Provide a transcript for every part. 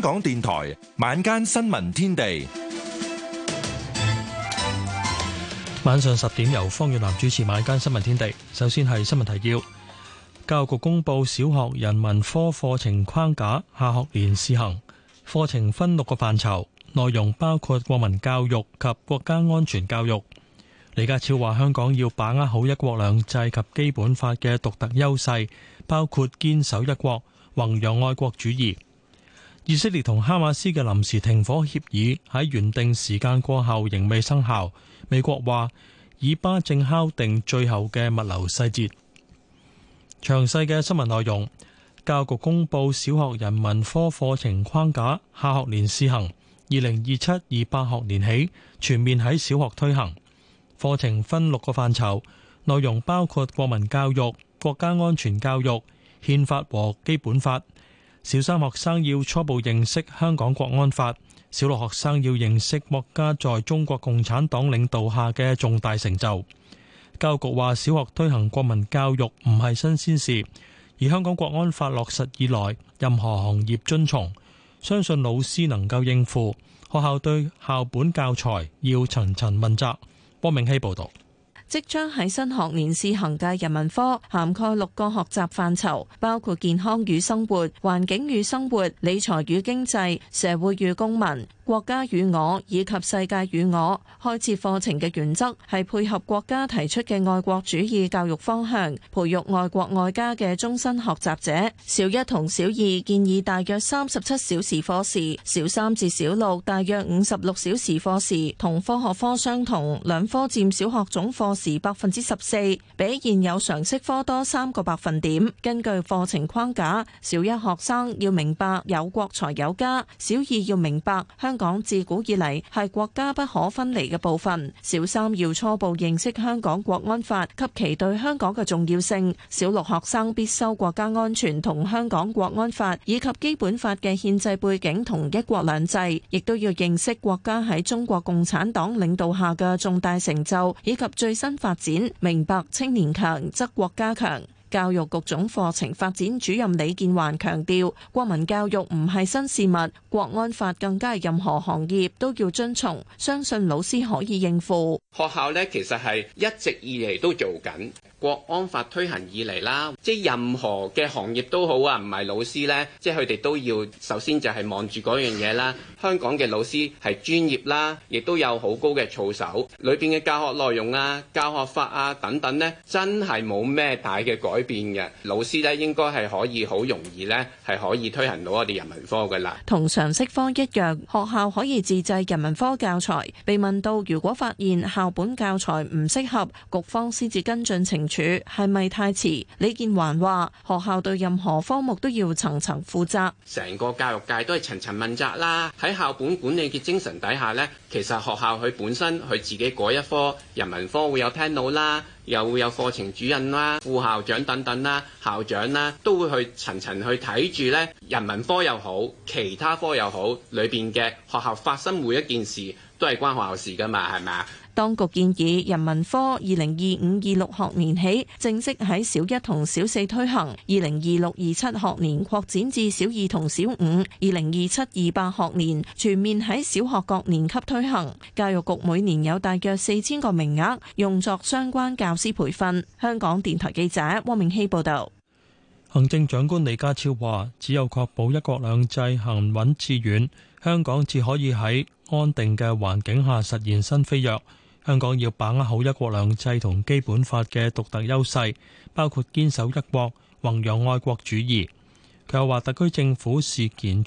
香港電台晚間新聞天地，晚上十點由方遠南主持晚間新聞天地。首先係新聞提要：教育局公布小學人文科課程框架，下學年試行。課程分六個範疇，內容包括國民教育及國家安全教育。李家超話：香港要把握好一國兩制及基本法嘅獨特優勢，包括堅守一國、弘揚愛國主義。以色列同哈馬斯嘅臨時停火協議喺原定時間過後仍未生效。美國話以巴正敲定最後嘅物流細節。詳細嘅新聞內容，教育局公布小學人文科課程框架，下學年試行，二零二七二八學年起全面喺小學推行。課程分六個範疇，內容包括國民教育、國家安全教育、憲法和基本法。小三學生要初步認識香港國安法，小六學生要認識國家在中國共產黨領導下嘅重大成就。教育局話，小學推行國民教育唔係新鮮事，而香港國安法落實以來，任何行業遵從，相信老師能夠應付。學校對校本教材要層層問責。汪明熙報道。即將喺新學年試行嘅人文科涵蓋六個學習範疇，包括健康與生活、環境與生活、理財與經濟、社會與公民。國家與我以及世界與我，開設課程嘅原則係配合國家提出嘅愛國主義教育方向，培育愛國愛家嘅終身學習者。小一同小二建議大約三十七小時課時，小三至小六大約五十六小時課時，同科學科相同，兩科佔小學總課時百分之十四，比現有常識科多三個百分點。根據課程框架，小一學生要明白有國才有家，小二要明白香港。港自古以嚟，係國家不可分離嘅部分。小三要初步認識香港國安法及其對香港嘅重要性。小六學生必修國家安全同香港國安法以及基本法嘅憲制背景同一國兩制，亦都要認識國家喺中國共產黨領導下嘅重大成就以及最新發展，明白青年強則國家強。教育局總課程發展主任李健環強調，國民教育唔係新事物，國安法更加係任何行業都要遵從，相信老師可以應付。學校呢，其實係一直以嚟都做緊。國安法推行以嚟啦，即任何嘅行業都好啊，唔係老師呢，即係佢哋都要首先就係望住嗰樣嘢啦。香港嘅老師係專業啦，亦都有好高嘅操守，裏邊嘅教學內容啊、教學法啊等等呢，真係冇咩大嘅改變嘅。老師呢，應該係可以好容易呢，係可以推行到我哋人文科嘅啦。同常識科一樣，學校可以自製人文科教材。被問到如果發現校本教材唔適合，局方先至跟進程序。處係咪太遲？李健環話：學校對任何科目都要層層負責，成個教育界都係層層問責啦。喺校本管理嘅精神底下呢，其實學校佢本身佢自己改一科人文科會有 panel 啦，又會有課程主任啦、副校長等等啦、校長啦，都會去層層去睇住呢，人文科又好，其他科又好，裏邊嘅學校發生每一件事都係關學校事噶嘛，係咪啊？當局建議，人民科二零二五二六學年起正式喺小一同小四推行；二零二六二七學年擴展至小二同小五；二零二七二八學年全面喺小學各年級推行。教育局每年有大約四千個名額，用作相關教師培訓。香港電台記者汪明熙報道。行政長官李家超話，只有確保一國兩制行穩致遠，香港至可以喺安定嘅環境下實現新飛躍。香港要把握好一國兩制同基本法嘅獨特優勢，包括堅守一國，弘揚愛國主義。佢又話特區政府是健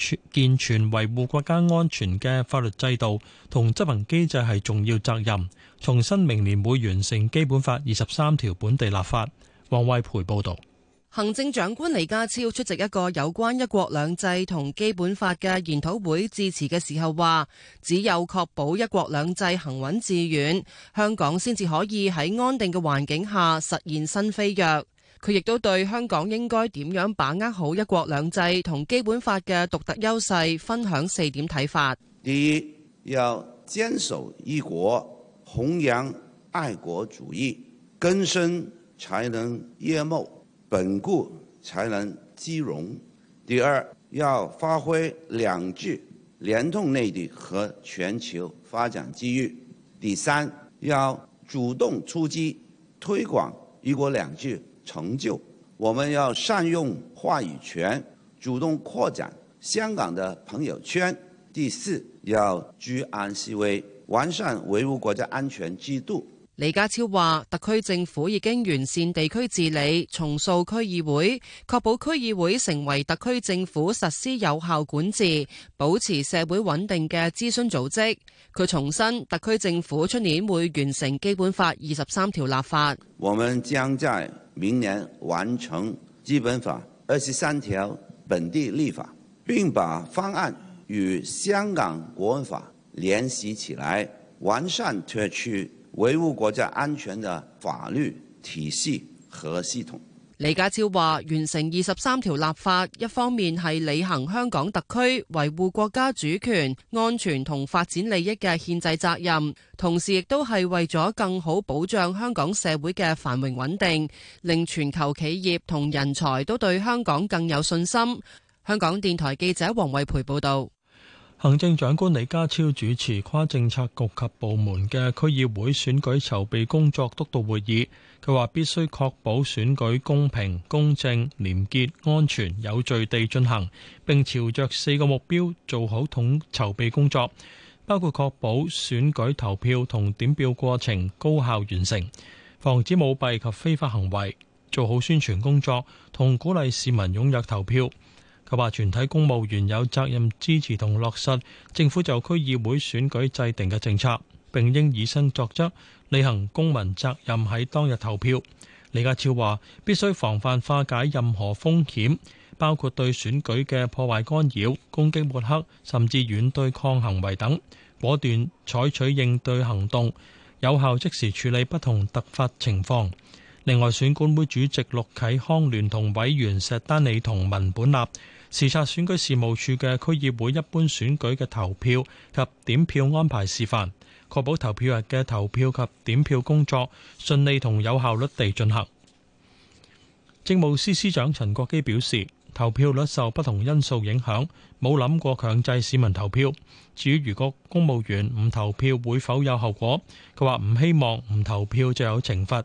全維護國家安全嘅法律制度同執行機制係重要責任，重申明年會完成基本法二十三條本地立法。王衛培報道。行政長官李家超出席一個有關一國兩制同基本法嘅研討會致辭嘅時候，話只有確保一國兩制行穩致遠，香港先至可以喺安定嘅環境下實現新飛躍。佢亦都對香港應該點樣把握好一國兩制同基本法嘅獨特優勢，分享四點睇法：第一，要堅守一國，弘揚愛國主義，根深才能葉茂。穩固才能基融。第二，要發揮兩制聯動，內地和全球發展機遇。第三，要主動出擊，推廣一國兩制成就。我們要善用話語權，主動擴展香港的朋友圈。第四，要居安思危，完善維護國家安全制度。李家超話，特區政府已經完善地區治理，重塑區議會，確保區議會成為特區政府實施有效管治、保持社會穩定嘅諮詢組織。佢重申，特區政府出年會完成基本法二十三條立法。我們將在明年完成基本法二十三條本地立法，並把方案與香港國安法聯繫起來，完善特區。維護國家安全嘅法律體系和系統。李家超話：完成二十三條立法，一方面係履行香港特區維護國家主權、安全同發展利益嘅憲制責任，同時亦都係為咗更好保障香港社會嘅繁榮穩定，令全球企業同人才都對香港更有信心。香港電台記者黃慧培報道。行政長官李家超主持跨政策局及部門嘅區議會選舉籌備工作督導會議，佢話必須確保選舉公平、公正、廉潔、安全、有序地進行，並朝着四個目標做好統籌備工作，包括確保選舉投票同點票過程高效完成，防止舞弊及非法行為，做好宣傳工作，同鼓勵市民踊躍投票。佢話：全體公務員有責任支持同落實政府就區議會選舉制定嘅政策，並應以身作則，履行公民責任喺當日投票。李家超話：必須防範化解任何風險，包括對選舉嘅破壞干擾、攻擊抹黑，甚至軟對抗行為等，果斷採取應對行動，有效即時處理不同突發情況。另外，選管會主席陸啟康聯同委員石丹理同文本立，視察選舉事務處嘅區議會一般選舉嘅投票及點票安排示範，確保投票日嘅投票及點票工作順利同有效率地進行。政務司司長陳國基表示，投票率受不同因素影響，冇諗過強制市民投票。至於如果公務員唔投票會否有後果，佢話唔希望唔投票就有懲罰。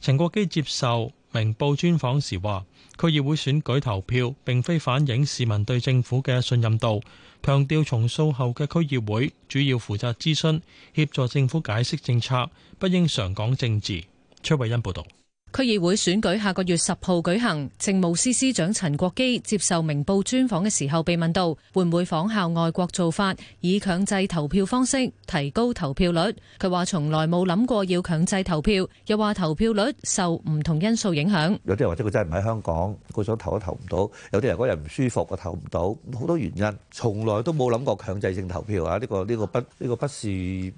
陳國基接受。明報專訪時話，區議會選舉投票並非反映市民對政府嘅信任度，強調重塑後嘅區議會主要負責諮詢、協助政府解釋政策，不應常講政治。崔慧欣報道。區議會選舉下個月十號舉行，政務司司長陳國基接受明報專訪嘅時候，被問到會唔會仿效外國做法，以強制投票方式提高投票率？佢話：從來冇諗過要強制投票，又話投票率受唔同因素影響。有啲人或者佢真係唔喺香港，佢想投都投唔到；有啲人嗰日唔舒服，佢投唔到，好多原因，從來都冇諗過強制性投票啊！呢個呢個不呢個不是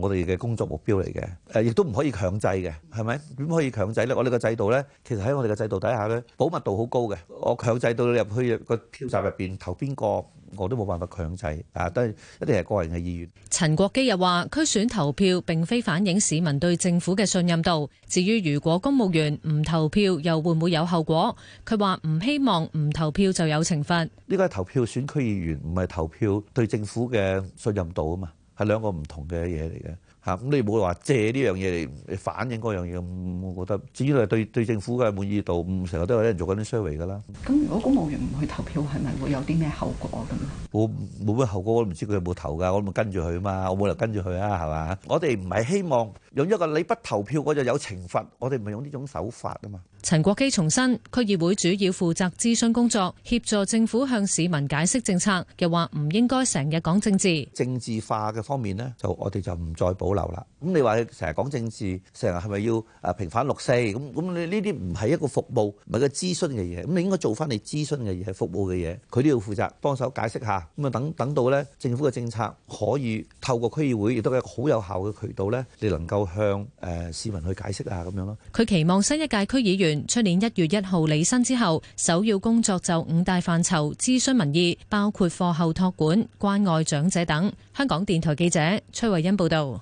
我哋嘅工作目標嚟嘅。誒，亦都唔可以強制嘅，係咪？點可以強制？我哋嘅制度咧，其實喺我哋嘅制度底下咧，保密度好高嘅。我強制到你入去個票站入邊投邊個，我都冇辦法強制。啊，當然一定係個人嘅意願。陳國基又話：區選投票並非反映市民對政府嘅信任度。至於如果公務員唔投票，又會唔會有後果？佢話唔希望唔投票就有懲罰。呢個係投票選區議員，唔係投票對政府嘅信任度啊嘛，係兩個唔同嘅嘢嚟嘅。咁、嗯、你冇話借呢樣嘢嚟反映嗰樣嘢，我覺得至於係對對政府嘅滿意度，唔成日都有啲人做緊啲 s u 㗎啦。咁如果公務員唔去投票，係咪會有啲咩後果？咁冇咩後果？我都唔知佢有冇投㗎，我咪跟住佢啊嘛，我冇理由跟住佢啊，係嘛？我哋唔係希望用一個你不投票我就有懲罰，我哋唔係用呢種手法啊嘛。陳國基重申，區議會主要負責諮詢工作，協助政府向市民解釋政策，又話唔應該成日講政治。政治化嘅方面呢，就我哋就唔再保啦咁，你話成日講政治，成日係咪要啊平反六四？咁咁，你呢啲唔係一個服務，唔係個諮詢嘅嘢。咁你應該做翻你諮詢嘅嘢，服務嘅嘢。佢都要負責幫手解釋下咁啊。等等到咧，政府嘅政策可以透過區議會，亦都係一個好有效嘅渠道咧，你能夠向誒市民去解釋下。咁樣咯。佢期望新一屆區議員出年一月一號履新之後，首要工作就五大範疇諮詢民意，包括課後託管、關愛長者等。香港電台記者崔慧欣報導。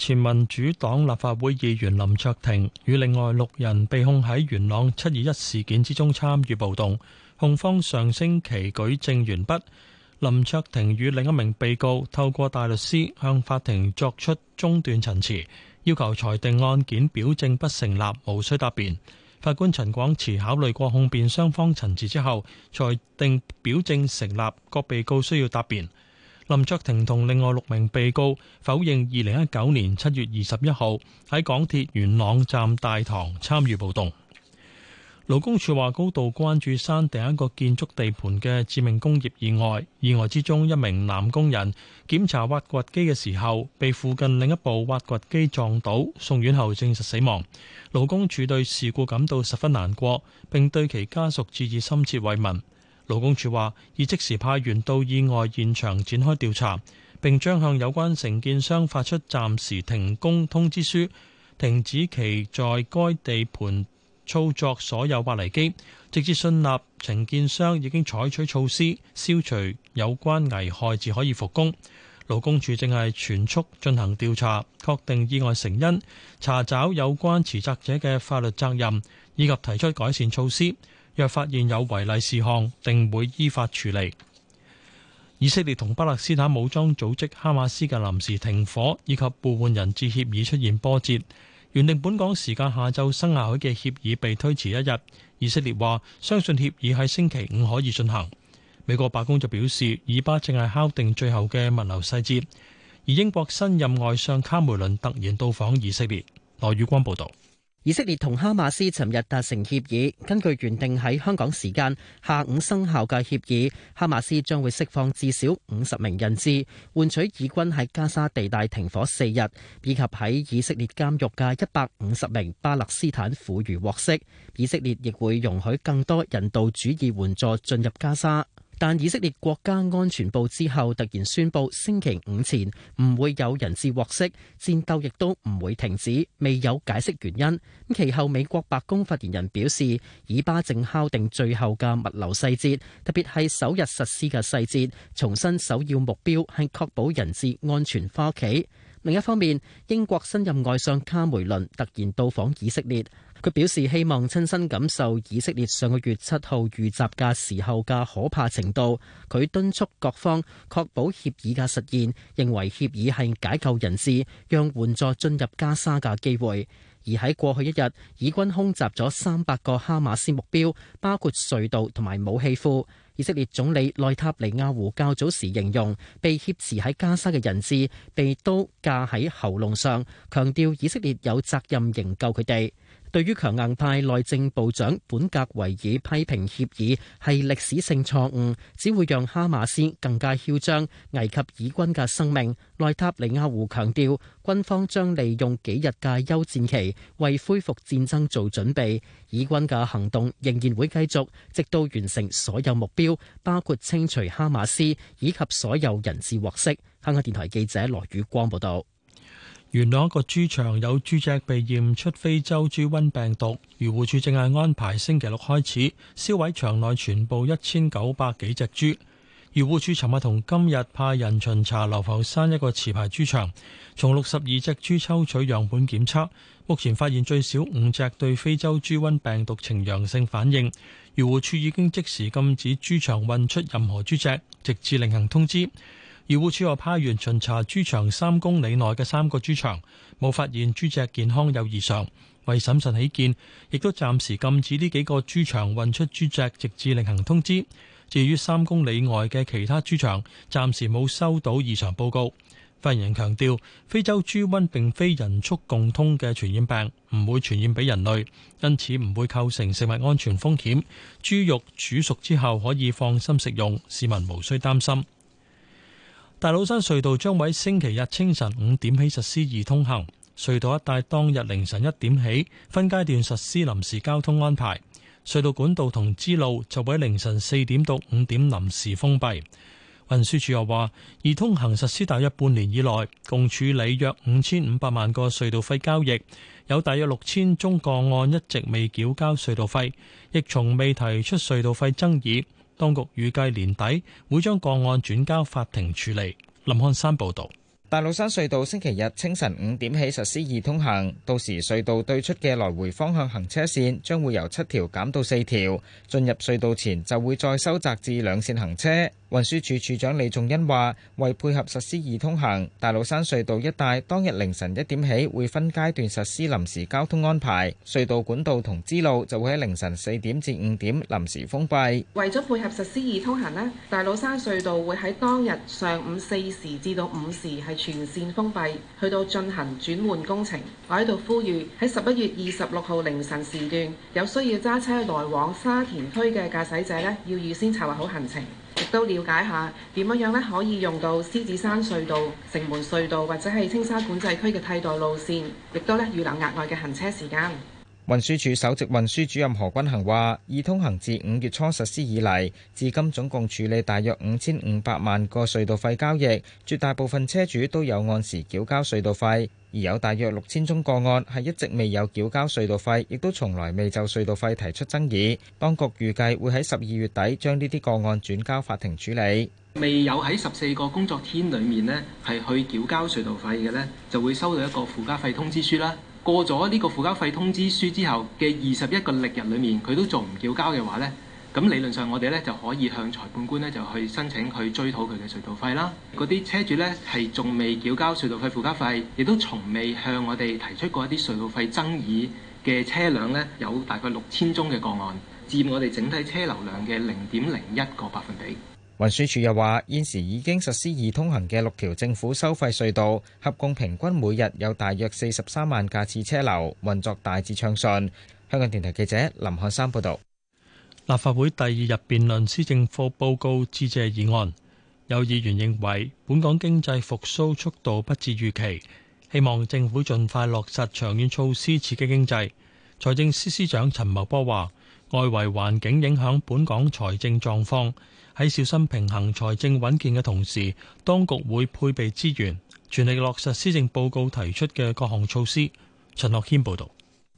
前民主黨立法會議員林卓廷與另外六人被控喺元朗七二一事件之中參與暴動，控方上星期舉證完畢。林卓廷與另一名被告透過大律師向法庭作出中斷陳詞，要求裁定案件表證不成立，無需答辯。法官陳廣慈考慮過控辯雙方陳詞之後，裁定表證成立，各被告需要答辯。林卓廷同另外六名被告否認，二零一九年七月二十一號喺港鐵元朗站大堂參與暴動。勞工處話高度關注山頂一個建築地盤嘅致命工業意外，意外之中一名男工人檢查挖掘機嘅時候，被附近另一部挖掘機撞倒，送院後證實死亡。勞工處對事故感到十分難過，並對其家屬致以深切慰問。勞工處話，已即時派員到意外現場展開調查，並將向有關承建商發出暫時停工通知書，停止其在該地盤操作所有挖泥機。直至信納承建商已經採取措施消除有關危害，至可以復工。勞工處正係全速進行調查，確定意外成因，查找有關持責者嘅法律責任，以及提出改善措施。若發現有違例事項，定會依法處理。以色列同巴勒斯坦武裝組織哈馬斯嘅臨時停火以及互換人質協議出現波折，原定本港時間下晝生涯海嘅協議被推遲一日。以色列話相信協議喺星期五可以進行。美國白宮就表示，以巴淨係敲定最後嘅物流細節。而英國新任外相卡梅倫突然到訪以色列。羅宇光報導。以色列同哈馬斯尋日達成協議，根據原定喺香港時間下午生效嘅協議，哈馬斯將會釋放至少五十名人質，換取以軍喺加沙地帶停火四日，以及喺以色列監獄嘅一百五十名巴勒斯坦婦孺獲釋。以色列亦會容許更多人道主義援助進入加沙。但以色列國家安全部之後突然宣布，星期五前唔會有人質獲釋，戰鬥亦都唔會停止，未有解釋原因。咁其後美國白宮發言人表示，以巴正敲定最後嘅物流細節，特別係首日實施嘅細節，重申首要目標係確保人質安全返屋企。另一方面，英國新任外相卡梅倫突然到訪以色列。佢表示希望親身感受以色列上個月七號遇襲嘅時候嘅可怕程度。佢敦促各方確保協議嘅實現，認為協議係解救人質，讓援助進入加沙嘅機會。而喺過去一日，以軍空襲咗三百個哈馬斯目標，包括隧道同埋武器庫，以色列總理內塔尼亞胡較早時形容被挾持喺加沙嘅人質被刀架喺喉嚨上，強調以色列有責任營救佢哋。對於強硬派內政部長本格維爾批評協議係歷史性錯誤，只會讓哈馬斯更加囂張，危及以軍嘅生命。內塔尼亞胡強調，軍方將利用幾日嘅休戰期為恢復戰爭做準備，以軍嘅行動仍然會繼續，直到完成所有目標，包括清除哈馬斯以及所有人質獲釋。香港電台記者羅宇光報道。元朗一個豬場有豬隻被驗出非洲豬瘟病毒，漁護處正係安排星期六開始銷毀場內全部一千九百幾隻豬。漁護處尋日同今日派人巡查流浮山一個持牌豬場，從六十二隻豬抽取樣本檢測，目前發現最少五隻對非洲豬瘟病毒呈陽性反應。漁護處已經即時禁止豬場運出任何豬隻，直至另行通知。漁護署又派員巡查豬場三公里內嘅三個豬場，冇發現豬隻健康有異常。為審慎起見，亦都暫時禁止呢幾個豬場運出豬隻，直至另行通知。至於三公里外嘅其他豬場，暫時冇收到異常報告。發言人強調，非洲豬瘟並非人畜共通嘅傳染病，唔會傳染俾人類，因此唔會構成食物安全風險。豬肉煮熟之後可以放心食用，市民無需擔心。大老山隧道將喺星期日清晨五點起實施易通行，隧道一帶當日凌晨一點起分階段實施臨時交通安排。隧道管道同支路就喺凌晨四點到五點臨時封閉。運輸署又話，易通行實施大約半年以來，共處理約五千五百萬個隧道費交易，有大約六千宗個案一直未繳交隧道費，亦從未提出隧道費爭議。當局預計年底會將個案轉交法庭處理。林漢山報導。大老山隧道星期日清晨五點起實施易通行，到時隧道對出嘅來回方向行車線將會由七條減到四條，進入隧道前就會再收窄至兩線行車。運輸署署，署長李仲恩話，為配合實施易通行，大老山隧道一帶當日凌晨一點起會分階段實施臨時交通安排，隧道管道同支路就會喺凌晨四點至五點臨時封閉。為咗配合實施易通行呢，大老山隧道會喺當日上午四時至到五時係。全線封閉，去到進行轉換工程。我喺度呼籲，喺十一月二十六號凌晨時段，有需要揸車來往沙田區嘅駕駛者呢，要預先策劃好行程，亦都了解下點樣樣呢，可以用到獅子山隧道、城門隧道或者係青沙管制區嘅替代路線，亦都呢預留額外嘅行車時間。運輸署首席運輸主任何君衡話，二通行自五月初實施以嚟，至今總共處理大約五千五百萬個隧道費交易，絕大部分車主都有按時繳交隧道費，而有大約六千宗個案係一直未有繳交隧道費，亦都從來未就隧道費提出爭議。當局預計會喺十二月底將呢啲個案轉交法庭處理。未有喺十四個工作天裏面呢係去繳交隧道費嘅呢，就會收到一個附加費通知書啦。過咗呢個附加費通知書之後嘅二十一個曆日裡面，佢都做唔繳交嘅話呢，咁理論上我哋呢就可以向裁判官呢就去申請去追討佢嘅隧道費啦。嗰啲車主呢係仲未繳交隧道費附加費，亦都從未向我哋提出過一啲隧道費爭議嘅車輛呢，有大概六千宗嘅個案，佔我哋整體車流量嘅零點零一個百分比。運輸署又話，現時已經實施易通行嘅六條政府收費隧道，合共平均每日有大約四十三萬架次車流，運作大致暢順。香港電台記者林漢山報道。立法會第二日辯論施政報告致謝議案，有議員認為本港經濟復甦速度不至預期，希望政府盡快落實長遠措施刺，刺激經濟。財政司司長陳茂波話，外圍環境影響本港財政狀況。喺小心平衡財政穩健嘅同時，當局會配備資源，全力落實施政報告提出嘅各項措施。陳樂謙報道。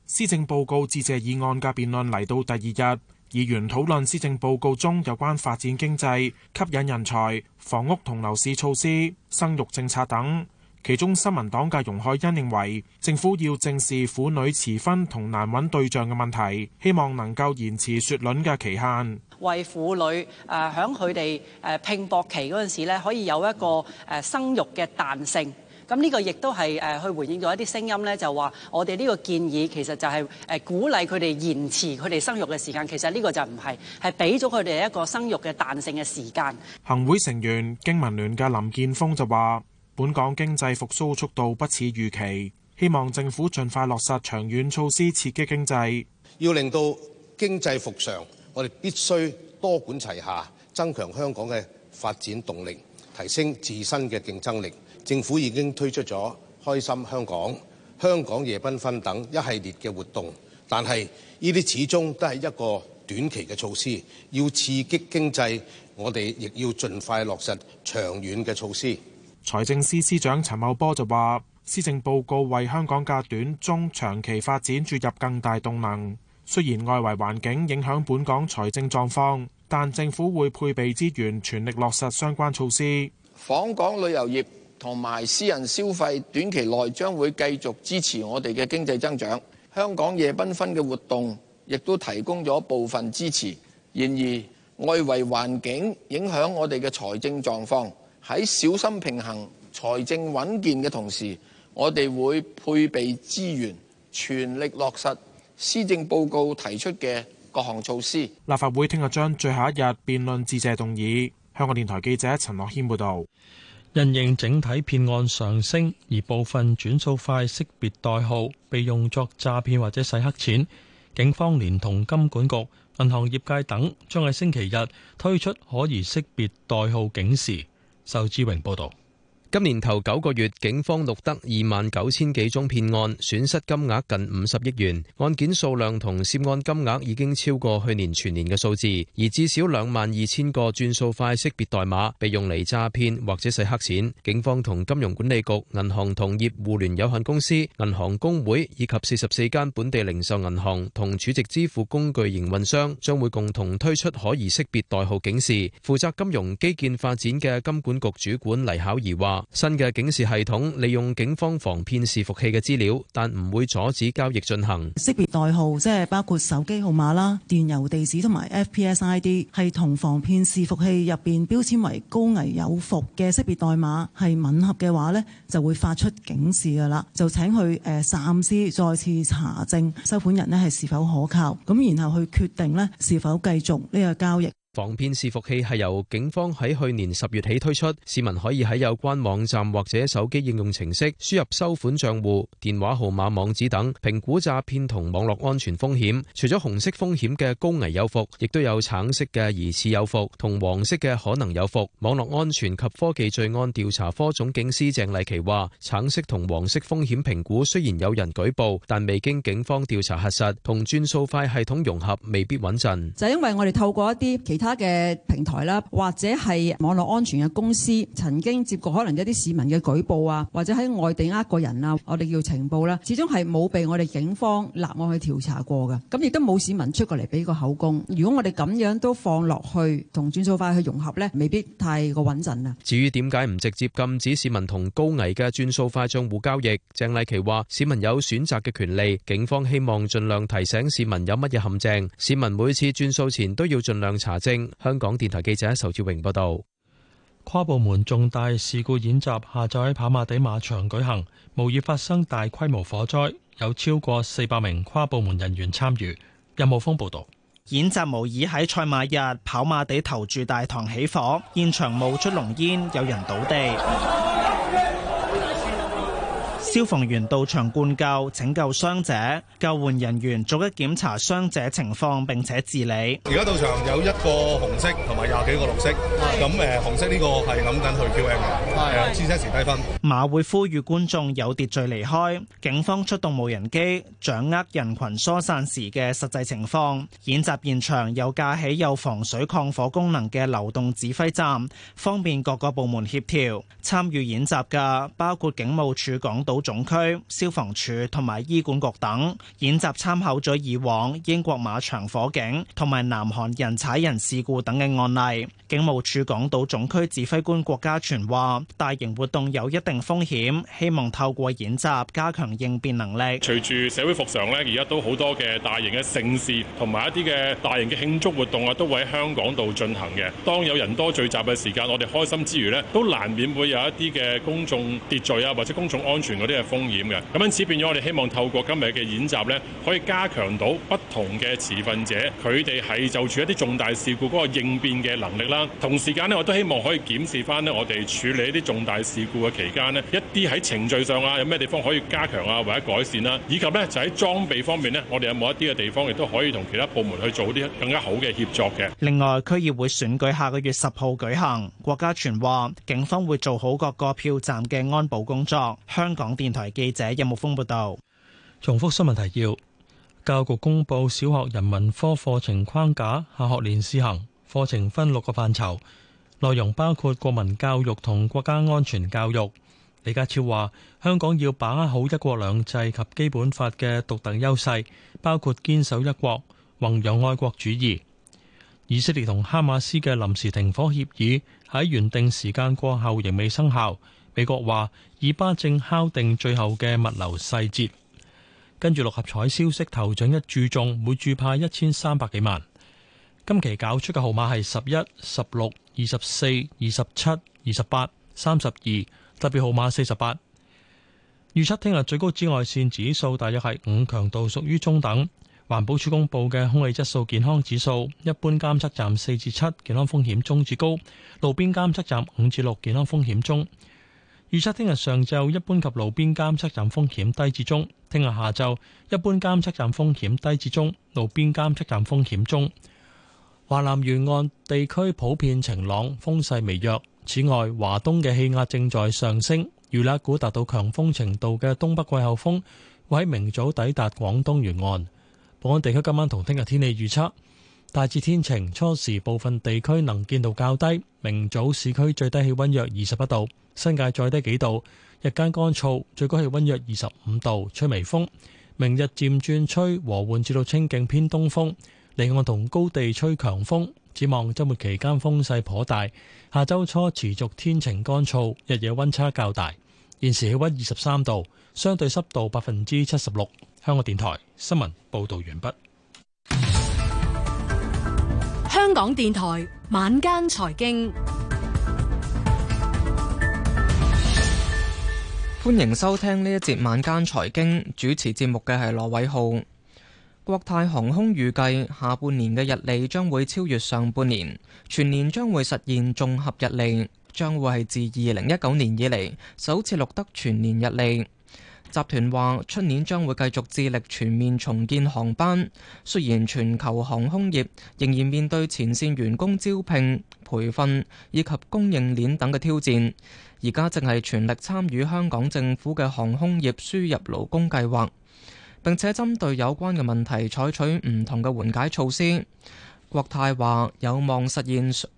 施政報告致謝議案嘅辯論嚟到第二日，議員討論施政報告中有關發展經濟、吸引人才、房屋同樓市措施、生育政策等。其中，新民黨嘅容海恩認為政府要正視婦女遲婚同難揾對象嘅問題，希望能夠延遲雪卵嘅期限，為婦女誒喺佢哋誒拼搏期嗰陣時咧，可以有一個誒生育嘅彈性。咁呢個亦都係誒去回應咗一啲聲音咧，就話我哋呢個建議其實就係誒鼓勵佢哋延遲佢哋生育嘅時間，其實呢個就唔係，係俾咗佢哋一個生育嘅彈性嘅時間。行會成員經民聯嘅林健鋒就話。本港經濟復甦速度不似預期，希望政府盡快落實長遠措施，刺激經濟，要令到經濟復常。我哋必須多管齊下，增強香港嘅發展動力，提升自身嘅競爭力。政府已經推出咗開心香港、香港夜繽紛等一系列嘅活動，但係呢啲始終都係一個短期嘅措施。要刺激經濟，我哋亦要盡快落實長遠嘅措施。財政司司長陳茂波就話：施政報告為香港嘅短、中、長期發展注入更大動能。雖然外圍環境影響本港財政狀況，但政府會配備資源，全力落實相關措施。訪港旅遊業同埋私人消費短期內將會繼續支持我哋嘅經濟增長。香港夜繽紛嘅活動亦都提供咗部分支持。然而，外圍環境影響我哋嘅財政狀況。喺小心平衡財政穩健嘅同時，我哋會配備資源，全力落實施政報告提出嘅各項措施。立法會聽日將最後一日辯論致謝動議。香港電台記者陳樂軒報導。因應整體騙案上升，而部分轉數快識別代號被用作詐騙或者洗黑錢。警方連同金管局、銀行業界等，將喺星期日推出可疑識別代號警示。仇志榮報道。今年頭九個月，警方錄得二萬九千幾宗騙案，損失金額近五十億元，案件數量同涉案金額已經超過去年全年嘅數字。而至少兩萬二千個轉數快識別代碼被用嚟詐騙或者洗黑錢。警方同金融管理局、銀行同業互聯有限公司、銀行公會以及四十四間本地零售銀行同儲值支付工具營運商將會共同推出可疑識別代號警示。負責金融基建發展嘅金管局主管黎巧儀話。新嘅警示系統利用警方防騙視伏器嘅資料，但唔會阻止交易進行。識別代號即係包括手機號碼啦、電郵地址同埋 FPSID，係同防騙視伏器入邊標籤為高危有伏嘅識別代碼係吻合嘅話呢就會發出警示噶啦，就請佢誒暫時再次查證收款人咧係是否可靠，咁然後去決定呢是否繼續呢個交易。防騙伺服器係由警方喺去年十月起推出，市民可以喺有關網站或者手機應用程式輸入收款賬戶、電話號碼、網址等，評估詐騙同網絡安全風險。除咗紅色風險嘅高危有伏，亦都有橙色嘅疑似有伏同黃色嘅可能有伏。網絡安全及科技罪案調查科總警司鄭麗琪話，橙色同黃色風險評估雖然有人舉報，但未經警方調查核實，同轉數快系統融合未必穩陣。就因為我哋透過一啲其他嘅平台啦，或者係網絡安全嘅公司，曾經接過可能一啲市民嘅舉報啊，或者喺外地呃過人啊，我哋叫情報啦，始終係冇被我哋警方立案去調查過嘅，咁亦都冇市民出過嚟俾個口供。如果我哋咁樣都放落去同轉數快去融合咧，未必太過穩陣啊。至於點解唔直接禁止市民同高危嘅轉數快帳戶交易？鄭麗琪話：市民有選擇嘅權利，警方希望儘量提醒市民有乜嘢陷阱，市民每次轉數前都要儘量查證。香港電台記者仇志榮報道，跨部門重大事故演習下晝跑馬地馬場舉行，模擬發生大規模火災，有超過四百名跨部門人員參與。任浩峰報道，演習模擬喺賽馬日跑馬地投注大堂起火，現場冒出濃煙，有人倒地。消防員到場灌救，拯救傷者，救援人員逐一檢查傷者情況並且治理。而家到場有一個紅色同埋廿幾個綠色，咁誒，紅色呢個係諗緊去 QM 嘅，係啊，低分。馬會呼籲觀眾有秩序離開，警方出動無人機掌握人群疏散時嘅實際情況。演習現場又架起有防水、抗火功能嘅流動指揮站，方便各個部門協調。參與演習嘅包括警務處、港島。總區消防處同埋醫管局等演習參考咗以往英國馬場火警同埋南韓人踩人事故等嘅案例。警務處港島總區指揮官郭家泉話，大型活動有一定風險，希望透過演習加強應變能力。隨住社會復常呢而家都好多嘅大型嘅盛事同埋一啲嘅大型嘅慶祝活動啊，都會喺香港度進行嘅。當有人多聚集嘅時間，我哋開心之餘呢都難免會有一啲嘅公眾秩序啊，或者公眾安全啲。都係風險嘅，咁因此變咗我哋希望透過今日嘅演習呢可以加強到不同嘅持份者，佢哋係就住一啲重大事故嗰個應變嘅能力啦。同時間呢，我都希望可以檢視翻呢我哋處理一啲重大事故嘅期間呢一啲喺程序上啊，有咩地方可以加強啊，或者改善啦，以及呢，就喺裝備方面呢，我哋有冇一啲嘅地方亦都可以同其他部門去做啲更加好嘅協作嘅。另外，區議會選舉下個月十號舉行，國家傳話警方會做好各個票站嘅安保工作。香港。電台記者任木峰報道：重複新聞提要，教育局公布小學人文科課程框架，下學年試行。課程分六個範疇，內容包括國民教育同國家安全教育。李家超話：香港要把握好一國兩制及基本法嘅獨特優勢，包括堅守一國、弘揚愛國主義。以色列同哈馬斯嘅臨時停火協議喺原定時間過後仍未生效。美國話以巴正敲定最後嘅物流細節。跟住六合彩消息，頭獎一注中，每注派一千三百幾萬。今期搞出嘅號碼係十一、十六、二十四、二十七、二十八、三十二，特別號碼四十八。預測聽日最高紫外線指數大約係五，強度屬於中等。環保署公布嘅空氣質素健康指數，一般監測站四至七，健康風險中至高；路邊監測站五至六，健康風險中。預測聽日上晝一般及路邊監測站風險低至中，聽日下晝一般監測站風險低至中，路邊監測站風險中。華南沿岸地區普遍晴朗，風勢微弱。此外，華東嘅氣壓正在上升，預料一股達到強風程度嘅東北季候風會喺明早抵達廣東沿岸。寶安地區今晚同聽日天氣預測。大致天晴，初時部分地區能見度較低。明早市區最低氣溫約二十一度，新界再低幾度。日間乾燥，最高氣溫約二十五度，吹微風。明日漸轉吹和緩至到清勁偏東風，離岸同高地吹強風。展望週末期間風勢頗大，下週初持續天晴乾燥，日夜溫差較大。現時氣溫二十三度，相對濕度百分之七十六。香港電台新聞報導完畢。香港電台晚間財經，歡迎收聽呢一節晚間財經，主持節目嘅係羅偉浩。國泰航空預計下半年嘅溢利將會超越上半年，全年將會實現綜合溢利，將會係自二零一九年以嚟首次錄得全年溢利。集團話，出年將會繼續致力全面重建航班。雖然全球航空業仍然面對前線員工招聘、培訓以及供應鏈等嘅挑戰，而家正係全力參與香港政府嘅航空業輸入勞工計劃，並且針對有關嘅問題採取唔同嘅緩解措施。國泰話有望實現。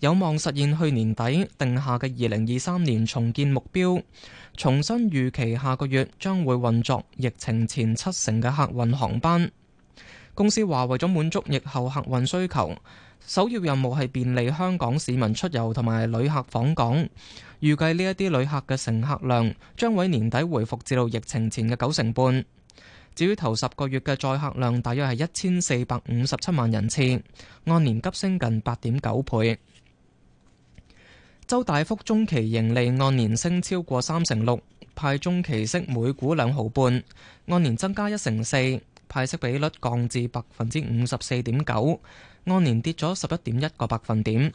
有望實現去年底定下嘅二零二三年重建目標，重新預期下個月將會運作疫情前七成嘅客運航班。公司話為咗滿足疫後客運需求，首要任務係便利香港市民出遊同埋旅客訪港。預計呢一啲旅客嘅乘客量將會年底回復至到疫情前嘅九成半。至於頭十個月嘅載客量，大約係一千四百五十七萬人次，按年急升近八點九倍。周大福中期盈利按年升超過三成六，派中期息每股兩毫半，按年增加一成四，派息比率降至百分之五十四點九，按年跌咗十一點一個百分點。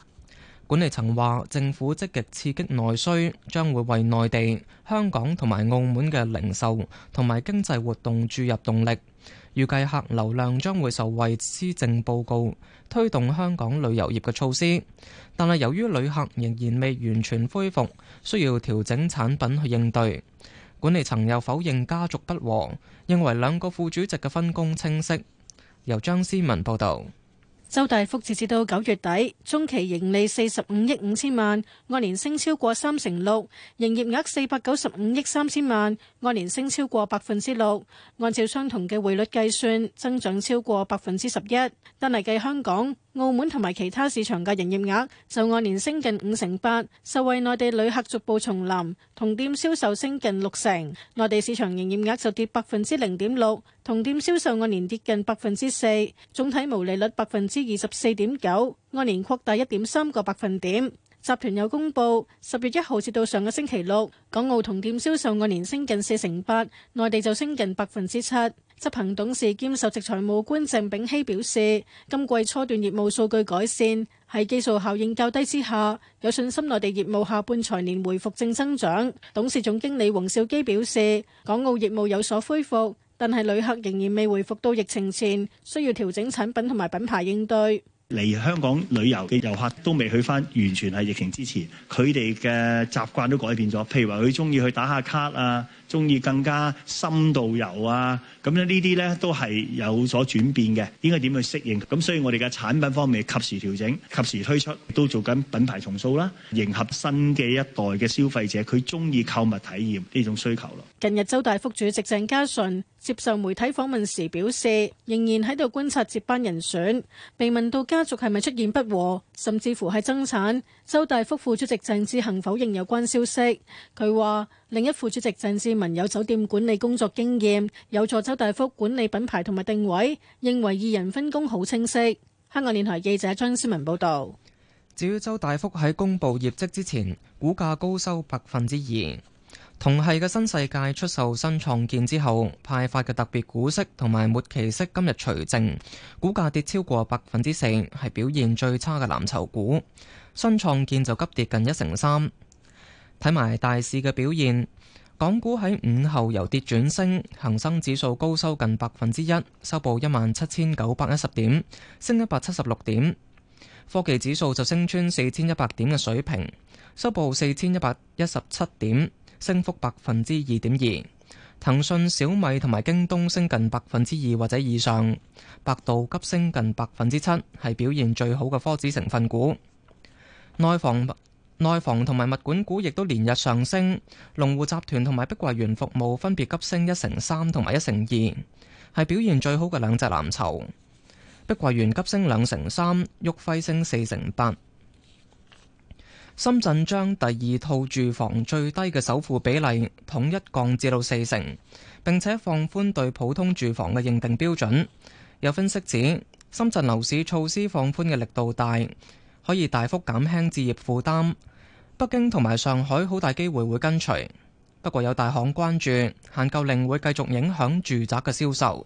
管理層話，政府積極刺激內需，將會為內地、香港同埋澳門嘅零售同埋經濟活動注入動力。預計客流量將會受惠施政報告推動香港旅遊業嘅措施，但係由於旅客仍然未完全恢復，需要調整產品去應對。管理層又否認家族不和，認為兩個副主席嘅分工清晰。由張思文報導。周大福截至,至到九月底，中期盈利四十五億五千萬，按年升超過三成六；營業額四百九十五億三千萬，按年升超過百分之六。按照相同嘅匯率計算，增長超過百分之十一。但係計香港、澳門同埋其他市場嘅營業額，就按年升近五成八，受惠內地旅客逐步重臨，同店銷售升近六成。內地市場營業額就跌百分之零點六。同店銷售按年跌近百分之四，總體毛利率百分之二十四點九，按年擴大一點三個百分點。集團又公布，十月一號至到上個星期六，港澳同店銷售按年升近四成八，內地就升近百分之七。執行董事兼首席財務官鄭炳希表示，今季初段業務數據改善，在基數效應較低之下，有信心內地業務下半財年回復正增長。董事總經理黃少基表示，港澳業務有所恢復，但係旅客仍然未恢復到疫情前，需要調整產品同埋品牌應對。嚟香港旅遊嘅遊客都未去返，完全係疫情之前，佢哋嘅習慣都改變咗。譬如話，佢鍾意去打下卡啊。中意更加深度遊啊！咁咧呢啲咧都係有所轉變嘅，應該點去適應？咁所以我哋嘅產品方面，及時調整，及時推出，亦都做緊品牌重塑啦，迎合新嘅一代嘅消費者，佢中意購物體驗呢種需求咯。近日，周大福主席鄭家純接受媒體訪問時表示，仍然喺度觀察接班人選。被問到家族係咪出現不和，甚至乎係爭產，周大福副主席鄭志恒否認有關消息。佢話：另一副主席鄭志。有酒店管理工作經驗，有助周大福管理品牌同埋定位，認為二人分工好清晰。香港電台記者張思文報道。至於周大福喺公布業績之前，股價高收百分之二。同系嘅新世界出售新創建之後派發嘅特別股息同埋末期息今日除淨，股價跌超過百分之四，係表現最差嘅藍籌股。新創建就急跌近一成三。睇埋大市嘅表現。港股喺午後由跌轉升，恒生指數高收近百分之一，收報一萬七千九百一十點，升一百七十六點。科技指數就升穿四千一百點嘅水平，收報四千一百一十七點，升幅百分之二點二。騰訊、小米同埋京東升近百分之二或者以上，百度急升近百分之七，係表現最好嘅科指成分股。內房。內房同埋物管股亦都連日上升，龍湖集團同埋碧桂園服務分別急升一成三同埋一成二，係表現最好嘅兩隻藍籌。碧桂園急升兩成三，旭輝升四成八。深圳將第二套住房最低嘅首付比例統一降至到四成，並且放寬對普通住房嘅認定標準。有分析指，深圳樓市措施放寬嘅力度大，可以大幅減輕置業負擔。北京同埋上海好大機會會跟隨，不過有大行關注，限購令會繼續影響住宅嘅銷售。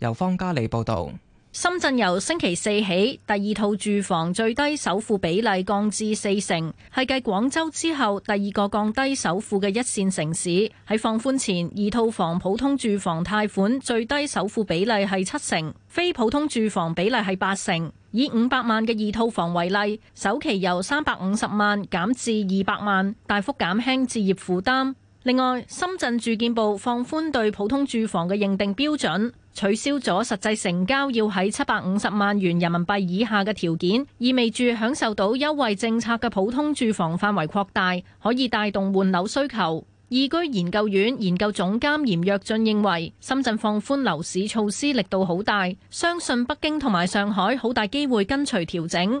由方嘉利報導。深圳由星期四起，第二套住房最低首付比例降至四成，係繼廣州之後第二個降低首付嘅一線城市。喺放寬前，二套房普通住房貸款最低首付比例係七成，非普通住房比例係八成。以五百萬嘅二套房為例，首期由三百五十萬減至二百萬，大幅減輕置業負擔。另外，深圳住建部放寬對普通住房嘅認定標準，取消咗實際成交要喺七百五十萬元人民幣以下嘅條件，意味住享受到優惠政策嘅普通住房範圍擴大，可以帶動換樓需求。易居研究院研究總監嚴躍進認為，深圳放寬樓市措施力度好大，相信北京同埋上海好大機會跟隨調整。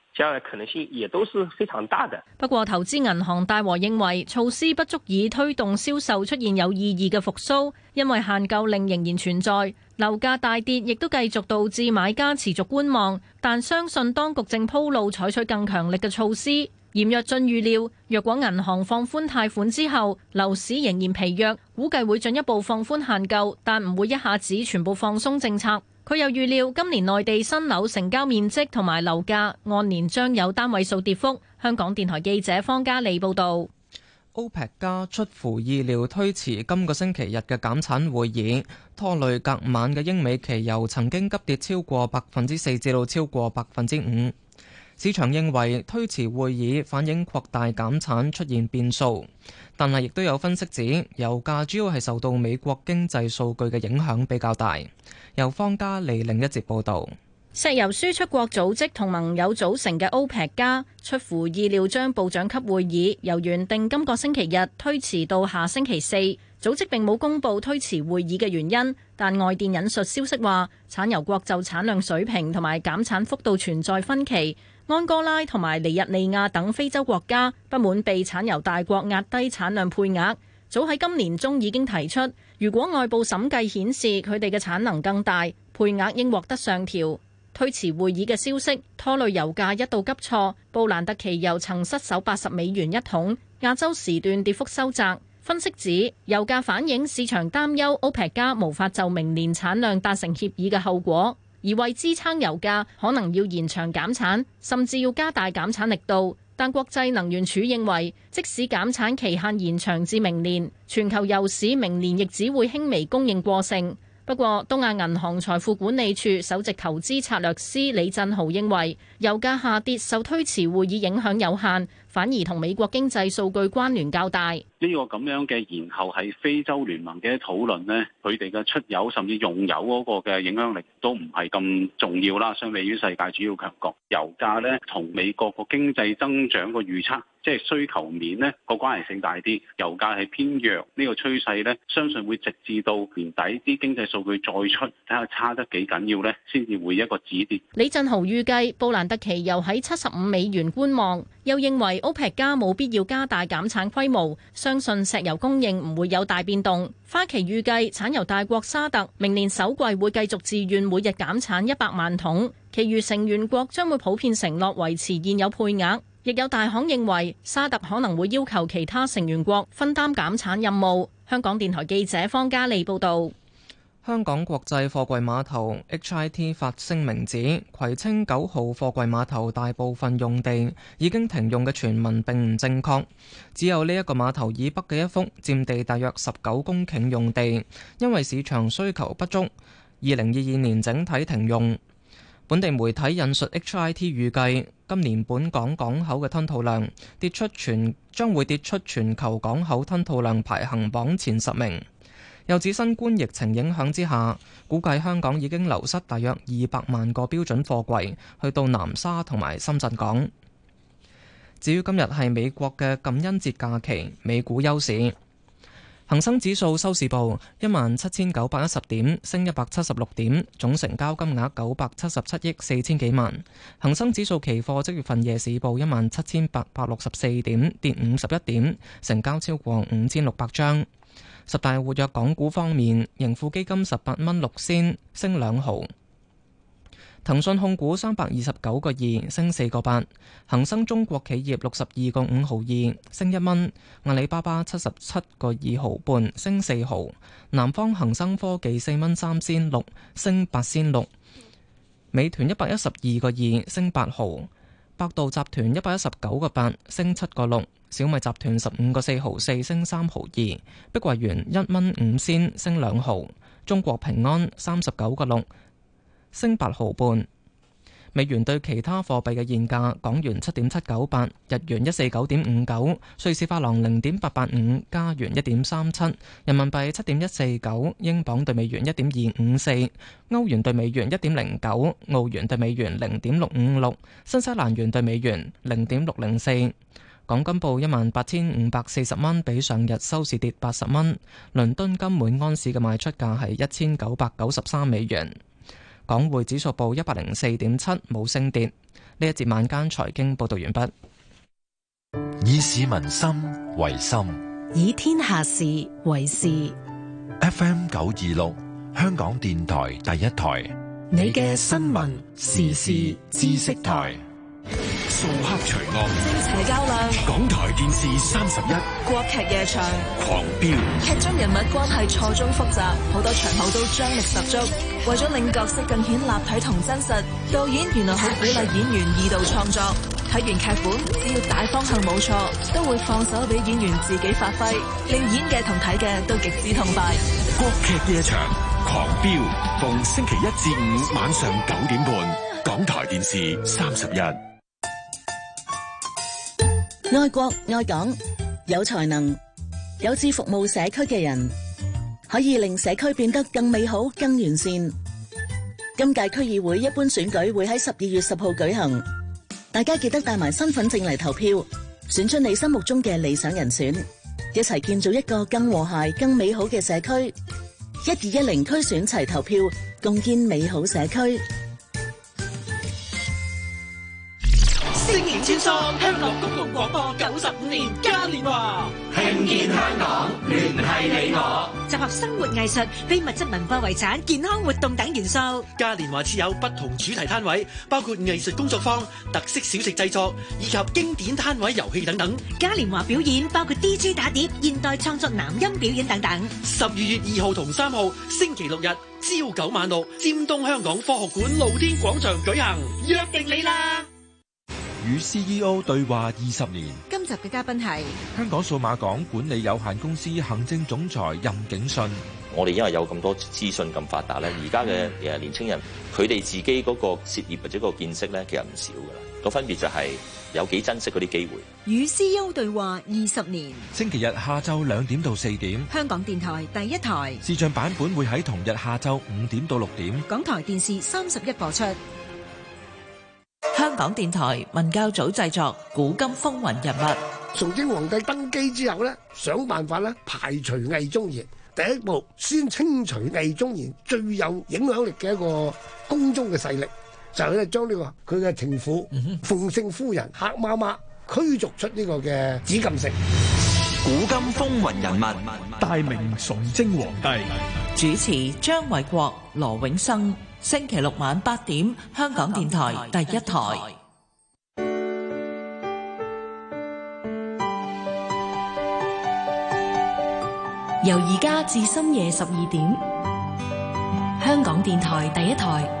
將來可能性也都是非常大的。不過，投資銀行大和認為措施不足以推動銷售出現有意義嘅復甦，因為限購令仍然存在，樓價大跌亦都繼續導致買家持續觀望。但相信當局正鋪路採取更強力嘅措施。嚴躍進預料，若果銀行放寬貸款之後，樓市仍然疲弱，估計會進一步放寬限購，但唔會一下子全部放鬆政策。佢又預料今年內地新樓成交面積同埋樓價按年將有單位數跌幅。香港電台記者方嘉利報導。OPEC 加出乎意料推遲今個星期日嘅減產會議，拖累隔晚嘅英美期油曾經急跌超過百分之四，至到超過百分之五。市場認為推遲會議反映擴大減產出現變數，但係亦都有分析指油價主要係受到美國經濟數據嘅影響比較大。由方家利另一節報導。石油輸出國組織同盟友組成嘅 OPEC 加出乎意料將部長級會議由原定今個星期日推遲到下星期四。組織並冇公布推遲會議嘅原因，但外電引述消息話，產油國就產量水平同埋減產幅度存在分歧。安哥拉同埋尼日利亞等非洲國家不滿被產油大國壓低產量配額，早喺今年中已經提出，如果外部審計顯示佢哋嘅產能更大，配額應獲得上調。推遲會議嘅消息拖累油價一度急挫，布蘭特期油曾失守八十美元一桶，亞洲時段跌幅收窄。分析指，油價反映市場擔憂歐佩克加無法就明年產量達成協議嘅後果。而為支撐油價，可能要延長減產，甚至要加大減產力度。但國際能源署認為，即使減產期限延長至明年，全球油市明年亦只會輕微供應過剩。不過，東亞銀行財富管理處首席投資策略師李振豪認為，油價下跌受推遲會議影響有限，反而同美國經濟數據關聯較大。呢個咁樣嘅，然後係非洲聯盟嘅討論呢，佢哋嘅出油甚至用油嗰個嘅影響力都唔係咁重要啦。相比於世界主要強國，油價呢同美國個經濟增長個預測。即係需求面呢個關係性大啲，油價係偏弱呢，這個趨勢呢，相信會直至到年底啲經濟數據再出，睇下差得幾緊要呢，先至會一個止跌。李振豪預計布蘭特期油喺七十五美元觀望，又認為 OPEC 加冇必要加大減產規模，相信石油供應唔會有大變動。花旗預計產油大國沙特明年首季會繼續自願每日減產一百萬桶，其餘成員國將會普遍承諾維持現有配額。亦有大行認為，沙特可能會要求其他成員國分擔減產任務。香港電台記者方嘉莉報導。香港國際貨櫃碼頭 HIT 發聲明指，葵青九號貨櫃碼頭大部分用地已經停用嘅傳聞並唔正確，只有呢一個碼頭以北嘅一幅佔地大約十九公頃用地，因為市場需求不足，二零二二年整體停用。本地媒體引述 HIT 預計，今年本港港口嘅吞吐量跌出全，將會跌出全球港口吞吐量排行榜前十名。又指新冠疫情影響之下，估計香港已經流失大約二百萬個標準貨櫃，去到南沙同埋深圳港。至於今日係美國嘅感恩節假期，美股休市。恒生指數收市報一萬七千九百一十點，升一百七十六點，總成交金額九百七十七億四千幾萬。恒生指數期貨即月份夜市報一萬七千八百六十四點，跌五十一點，成交超過五千六百張。十大活躍港股方面，盈富基金十八蚊六仙，升兩毫。騰訊控股三百二十九個二升四個八，恒生中國企業六十二個五毫二升一蚊，阿里巴巴七十七個二毫半升四毫，南方恒生科技四蚊三仙六升八仙六，美團一百一十二個二升八毫，百度集團一百一十九個八升七個六，小米集團十五個四毫四升三毫二，碧桂園一蚊五仙升兩毫，中國平安三十九個六，升八毫半。美元兌其他貨幣嘅現價，港元七點七九八，日元一四九點五九，瑞士法郎零點八八五，加元一點三七，人民幣七點一四九，英鎊對美元一點二五四，歐元對美元一點零九，澳元對美元零點六五六，新西蘭元對美元零點六零四。港金報一萬八千五百四十蚊，比上日收市跌八十蚊。倫敦金每安士嘅賣出價係一千九百九十三美元。港匯指數報一百零四點七，冇升跌。呢一節晚間財經報道完畢。以市民心為心，以天下事為事。FM 九二六，香港電台第一台，你嘅新聞時事知識台。掃黑除惡，正邪較量。港台電視三十一，國劇夜場狂飆。劇中人物關係錯綜複雜，好多場口都張力十足。為咗令角色更顯立體同真實，導演原來好鼓勵演員二度創作。睇完劇本，只要大方向冇錯，都會放手俾演員自己發揮，令演嘅同睇嘅都極之痛快。國劇夜場狂飆，逢星期一至五晚上九點半，港台電視三十一。愛國愛港，有才能、有志服務社區嘅人，可以令社區變得更美好、更完善。今屆區議會一般選舉會喺十二月十號舉行，大家記得帶埋身份證嚟投票，選出你心目中嘅理想人選，一齊建造一個更和諧、更美好嘅社區。一二一零區選齊投票，共建美好社區。香港公共廣播九十五年嘉年華，聽見香港，聯繫你我，集合生活藝術、非物質文化遺產、健康活動等元素。嘉年華設有不同主題攤位，包括藝術工作坊、特色小食製作以及經典攤位遊戲等等。嘉年華表演包括 DJ 打碟、現代創作、男音表演等等。十二月二號同三號星期六日朝九晚六，尖東香港科學館露天廣場舉行，約定你啦！與 CEO 對話二十年，今集嘅嘉賓係香港數碼港管理有限公司行政總裁任景信。我哋因為有咁多資訊咁發達咧，而家嘅誒年青人，佢哋自己嗰個涉業或者個見識咧，其實唔少噶啦。個分別就係有幾珍惜嗰啲機會。與 CEO 對話二十年，星期日下晝兩點到四點，香港電台第一台視像版本會喺同日下晝五點到六點，港台電視三十一播出。香港電台文教組製作《古今風雲人物》。崇禎皇帝登基之後咧，想辦法咧排除魏忠賢。第一步先清除魏忠賢最有影響力嘅一個宮中嘅勢力，就係將呢個佢嘅情婦奉聖夫人客媽媽驅逐出呢個嘅紫禁城。《古今風雲人物》大明崇禎皇帝主持張偉國、羅永生。星期六晚八點，香港電台第一台。第一台由而家至深夜十二點，香港電台第一台。